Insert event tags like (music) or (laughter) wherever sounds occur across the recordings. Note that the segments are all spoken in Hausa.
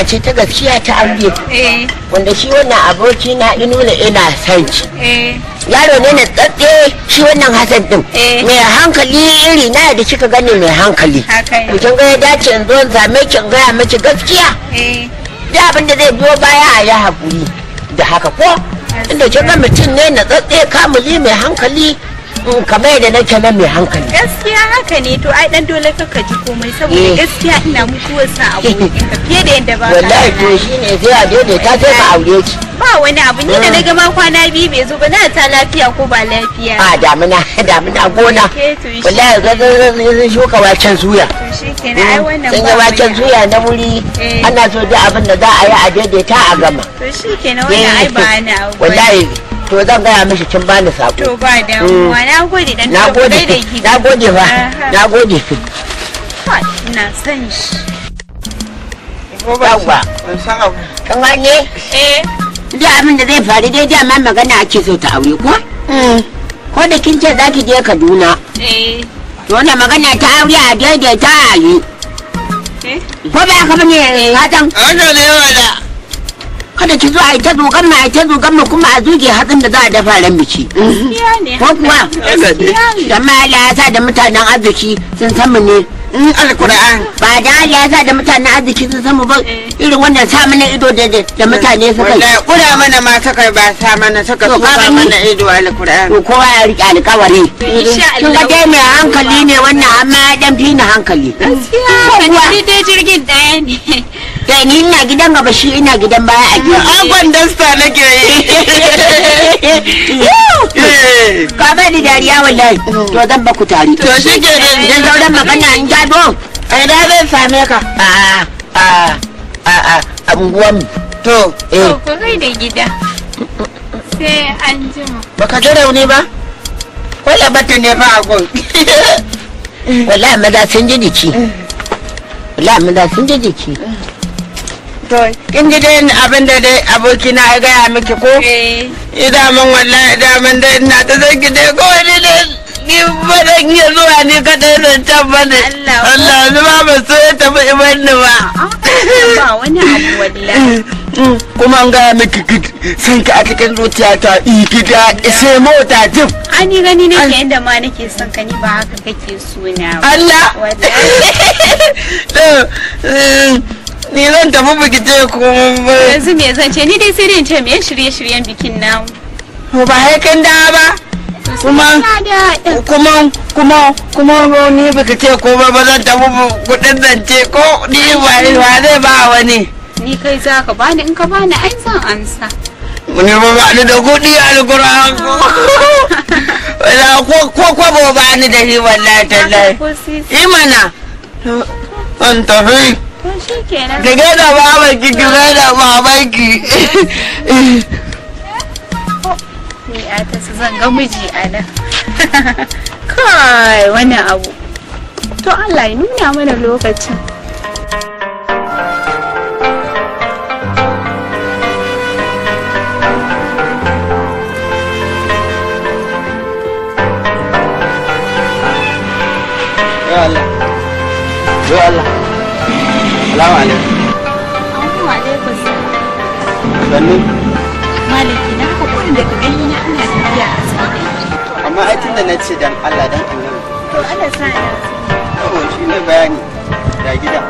alaƙa ce ta gaskiya ta ambe eh. wanda shi wannan aboki na ya nuna ina son eh. yaro ne na tsatse shi wannan hasan ɗin, eh. mai hankali iri na da kika gani mai hankali kin ga ya dace in zo in zame ki in gaya miki gaskiya da abin da zai biyo baya a ya haƙuri da haka ko inda kin ga mutum ne na tsatse kamuli mai hankali kamar da nake nan mai hankali gaskiya haka ne to ai dan dole ka kaji komai saboda eh. gaskiya ina muku wasa abokin ka fiye da yadda ba wallahi ko shine sai a dole ta sai ka aure ki ba wani abu ni da hmm. na ga ma kwana biyu bai zo ba na ta lafiya ko ba lafiya ba ah, damina damina gona wallahi ga zan shuka waken suya shikenan ai wannan ba waken suya na wuri eh. ana so da abin da za a yi a daidaita a gama to shikenan wannan ai eh. ba na wallahi to zan gaya mishi ba bani sako to ba damuwa mm. na gode dan na gode na gode ba na gode ki zai faru dai dama magana ake so ta aure ko mm. ko da kin ce za ki je kaduna eh to wannan magana ta aure a daidaita a yi eh? ko ba ka bane eh, hatan an ne wala kada ki zo a yi ta zogan na a yi ta zogan na kuma a zuge hatsin da za a dafa ran biki. Ko kuma? Jama'a Allah ya sa da mutanen arziki sun san mu ne. In alkur'an. Ba da Allah ya sa da mutanen arziki sun san mu ba irin wannan sa mana ido da mutane su kai. Wallahi kura mana ma ta kai ba sa mana suka so ba mana ido alkur'an. To kowa ya riƙe alƙawari. Kin ga dai mai hankali ne wannan amma ya dan fi ni hankali. Gaskiya. Ko kuwa? Ni dai jirgin ɗaya ne. da ni ina gidan gaba shi ina gidan baya a gidan ah, an don sta ke yi ka ba ni dariya wallahi to zan ba ku tare to shi ke da eh, dan zauren magana in don. ai da zan same ka a a a a unguwan to eh ko kai da gida sai an jima baka ga rauni ba ko labata ne ba a (laughs) wallahi maza sun ji jiki wallahi maza sun ji jiki kin ji dai abin da dai aboki na ya gaya miki ko eh idaman wallahi idaman dai ina ta zaki dai ko ni ne ni ba zan iya zuwa ni kadai zan can ba ne Allah ni ba ba so ya tafi ibar ni ba ba wani abu wallahi mm, kuma an gaya miki kid san ka a cikin zuciya ta zuciyata gida ise mota jif ani gani ne ke inda ma nake son ka ni ba haka kake suna Allah wallahi (laughs) mm, ni zan tafi biki ce komai ba yanzu me zan ce ni dai sai dai ce me shirye-shiryen bikin namu mu ba hai kan da ba kuma kuma kuma kuma ni biki ce komai ba zan tafi kudin zance ko ni ba ba zai ba wani ni kai za ka bani in ka bani ai zan ansa ni ba ba ni da kudi alquran ko ko ko ko ba ni da hi wallahi tallahi imana an tafi Ki gaida babanki, babanki. su zanga miji a nan. (laughs) Kai wani abu. To Allah ya nuna mana lokacin. Allah. salamu alaikum assalamu alaikum sannu maliki na ka kuɗin da ka gani na ina tafiya a cikin amma ai tunda na ce dan Allah dan Allah to Allah sa ya to shi ne bayani da gida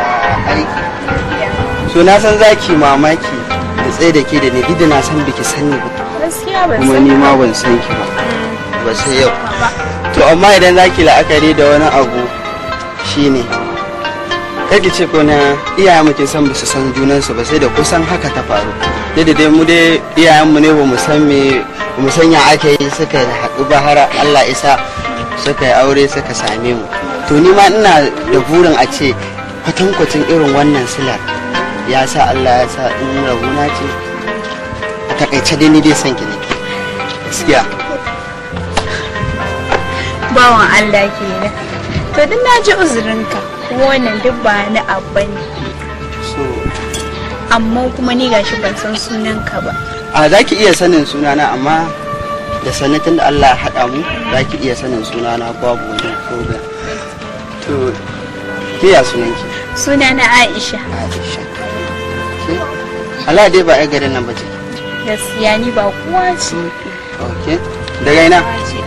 ah, aiki so na san zaki mamaki da tsaye da ke da ni gida na san biki sani ba kuma ni ma ban san ki ba mm. ba sai yau to amma idan zaki la'akari da wani abu shine yake ce ko na iyayen mu san ba su san junan su ba sai da kusan haka ta faru da dai mu dai iyayen mu ne ba mu san me mu san ya ake yi suka haɗu ba har Allah isa suka yi aure suka same mu to ni ma ina da burin a ce kwatankwacin irin wannan silar ya sa Allah ya sa in rabuna ce a takaice dai ni dai san ki ne gaskiya bawon Allah kenan to din na ji uzurinka wannan duk ba ni abba ne amma kuma ni gashi ban san sunanka ba a za ki iya sanin sunana amma da sanatin da Allah ya haɗa mu za ki iya sanin sunana babu wani program to ke ya sunanki sunana Aisha Aisha Allah dai ba ai garin nan ba ce gaskiya ni ba kowa ce okay daga ina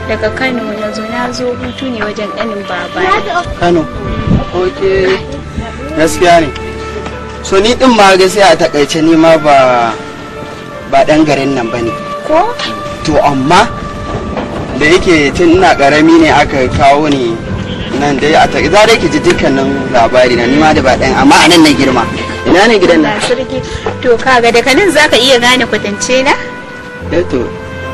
daga kano na zo na zo hutu ne wajen ɗanin baba kano ok gaskiya ne so ni din ma gaskiya a takaice ni ma ba ba ɗan garin nan ba ne ko to amma da yake tun ina ƙarami ne aka kawo ni nan dai a taƙi za da ji dukkanin labari na nima da ba ɗan amma a nan na girma ina ne gidan nan to kaga daga nan zaka iya gane kwatance na eh to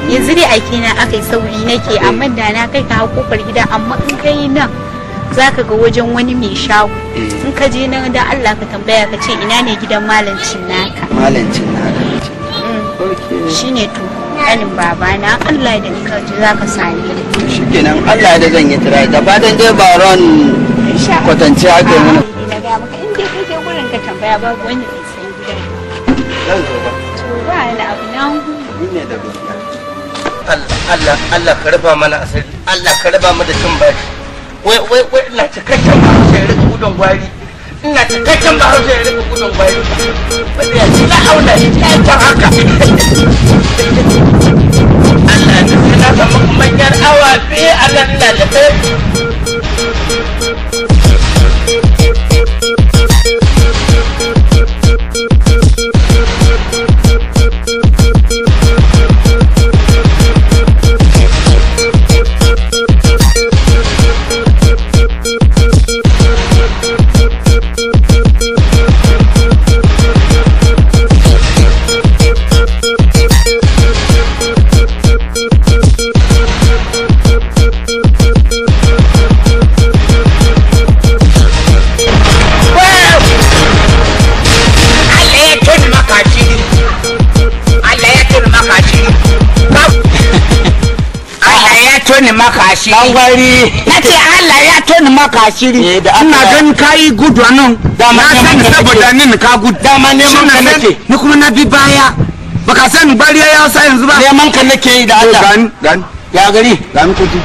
yanzu dai aiki na aka yi sauri nake amma da na kai ka kofar gida amma in ka yi nan za ka ga wajen wani mai shago eh. in ka je nan da Allah ka tambaya ka ce ina ne gidan malancin naka malancin naka mm. ne to kanin babana Allah da ka ji za ka shi ni nan Allah da zan yi tira gaba don dai baron kwatance aka yi mana na ga maka in dai kake gurin ka tambaya babu wanda bai san gidan ba zan zo ba to ba na abu nan ne da Allah Allah ka raba mana asali Allah ka raba mu da cin bashi wai wai wai ina cikakken ba hausa ya rika gudun gwari ina cikakken ba hausa ya rika gudun gwari wanda ya ce na auna shi ta haka Allah ne sai na samu manyan awa biyu a nan da ta dan bangwari nace Allah ya tona maka asiri eh, ina gan kai gudu da ma san saboda nin ka gudu ma neman ka nake ni kuma na bi baya baka san bariya ya sa yanzu ba neman ka nake yi da Allah gan gan ya gari gan kudi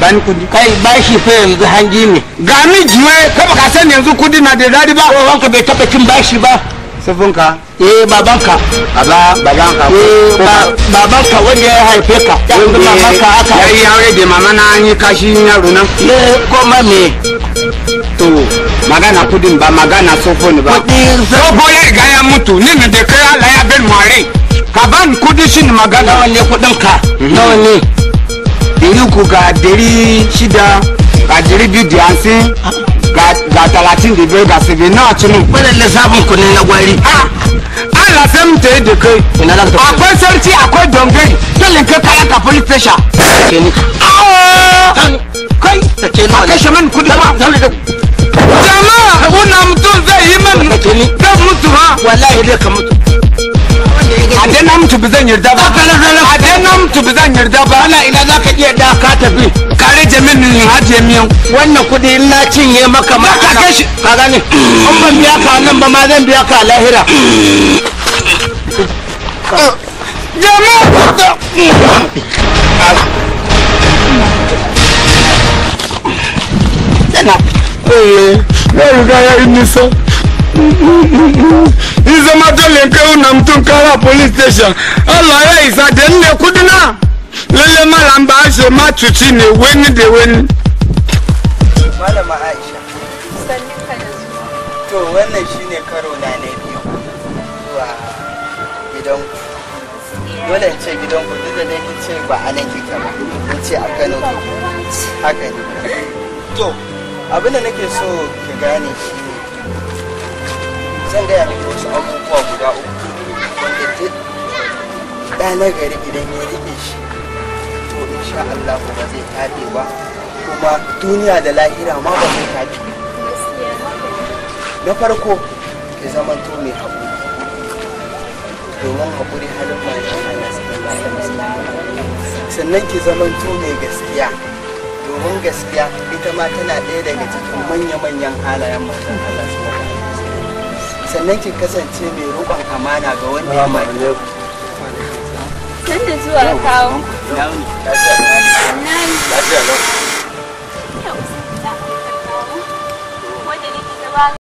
ban eh? kudi kai shi fa yanzu hanji ne ga ni jiwe ka baka san yanzu kudi na da dadi ba wanka bai taba cin bashi ba sabunka eh, eh babanka baba babanka eh babanka wanda ya haife ka wanda eh, mamanka aka ya yi aure da mama na an yi kashi yaro nan eh kuma me to magana kudin ba magana sofon ba sofo ya riga mutu nina da kai ala ya bin mare ka ban kudi shin magana nawa ne kudin ka mhm. nawa ne dari ku ga dari shida ga dari biyu da hamsin ga talatin da biyar ga sabi nawa cinu. Wannan lissafin ku ne Ah, Allah sai mu tayi da kai akwai sarki akwai dongari dalin kai kayan ka full pressure kai a kashe min kudi jama'a wannan zai yi min zan mutu ha wallahi dai ka mutu a na mutu bi a den na mutu bi zan yarda ba ana ina za ka iya da ka tafi aje min in aje min wannan kudi na cinye maka ma ka kashi ka gane in ban biya ka nan ba ma zan biya ka lahira jama'a ya riga ya yi nisa in zama dalin kai na mutum kara police station allah ya isa da ne na. lele malam ba ashe ma tuti ne wani da wani malama aisha sannin ka da to wannan shine karo na na biyu zuwa gidan dole in ce gidan ku duk da dai ki ce ba anan kika ba in ce a Kano haka ne to abin da nake so ki gane shi zan gaya miki wasu abubuwa guda uku wanda duk ɗa na gari gidan ya rike shi insha Allah ba zai tafi ba kuma duniya da lahira ma ba zai tafi na farko ki zama to mai haƙuri domin haƙuri halin mashi Allah sannan ki zama to mai gaskiya domin gaskiya ita ma tana ɗaya daga cikin manya-manyan halayen matan Allah sannan ki kasance mai roƙon amana ga wanda ya mai Tun da zuwa kawo. Lafiya